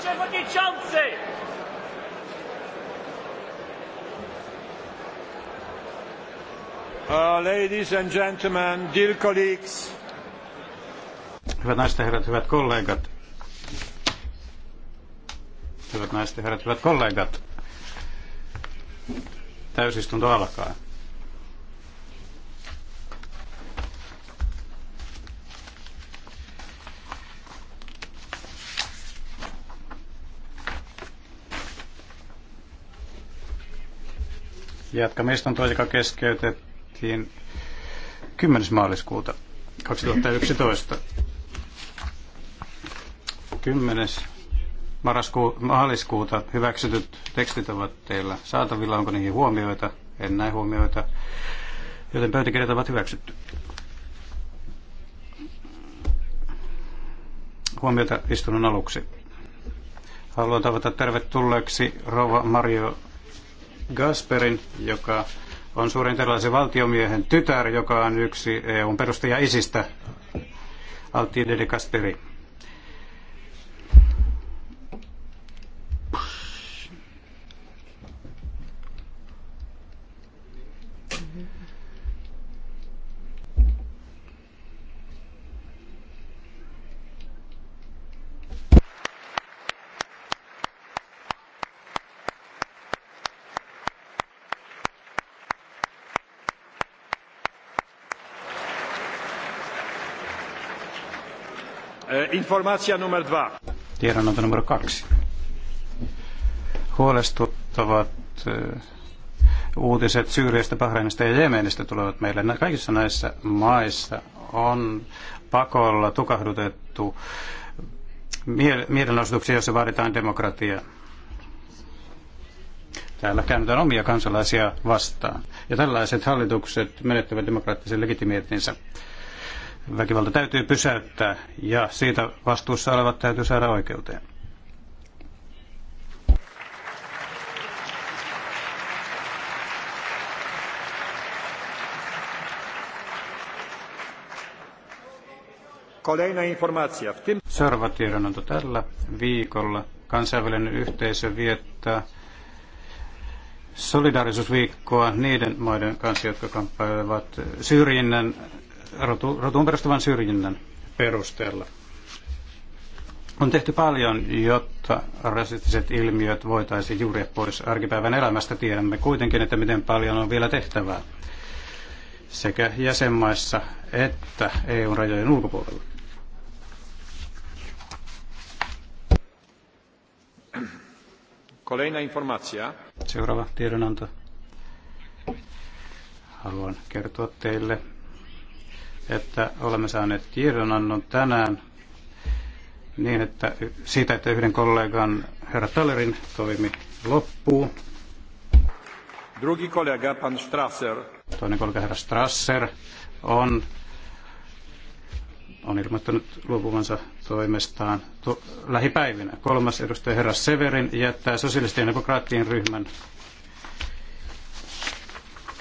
przewodniczący! Uh, ladies and gentlemen, dear colleagues. Hyvät naiset ja herrat, hyvät kollegat. Hyvät naiset ja herrat, hyvät kollegat. Täysistunto alkaa. Jatkamme istuntoa, joka keskeytettiin 10. maaliskuuta 2011. 10. Marasku- maaliskuuta hyväksytyt tekstit ovat teillä saatavilla. Onko niihin huomioita? En näe huomioita. Joten pöytäkirjat ovat hyväksytty. Huomiota istunnon aluksi. Haluan tavata tervetulleeksi Rova Mario Gasperin, joka on suurin tällaisen valtiomiehen tytär, joka on yksi EUn perustaja isistä. Altide de Gasperi. Eh, informaatio numero 2. Tiedonanto numero kaksi. Huolestuttavat eh, uutiset Syyriasta, Bahrainista ja Jemenistä tulevat meille. Kaikissa näissä maissa on pakolla tukahdutettu mielenosoituksia, joissa vaaditaan demokratiaa. Täällä käännetään omia kansalaisia vastaan. Ja tällaiset hallitukset menettävät demokraattisen legitimiteettinsä. Väkivalta täytyy pysäyttää ja siitä vastuussa olevat täytyy saada oikeuteen. Seuraava tiedonanto tällä viikolla. Kansainvälinen yhteisö viettää solidaarisuusviikkoa niiden maiden kanssa, jotka kamppailevat syrjinnän rotu, rotuun perustuvan syrjinnän perusteella. On tehty paljon, jotta rasistiset ilmiöt voitaisiin juuri pois arkipäivän elämästä. Tiedämme kuitenkin, että miten paljon on vielä tehtävää sekä jäsenmaissa että EU-rajojen ulkopuolella. Kolejna informacja. Seuraava tiedonanto. Haluan kertoa teille että olemme saaneet tiedonannon tänään niin, että siitä, että yhden kollegan herra Tallerin toimi loppuu. Drugi kollega, pan Strasser. Toinen kollega, herra Strasser, on, on ilmoittanut luopuvansa toimestaan lähipäivinä. Kolmas edustaja, herra Severin, jättää sosialistien demokraattien ryhmän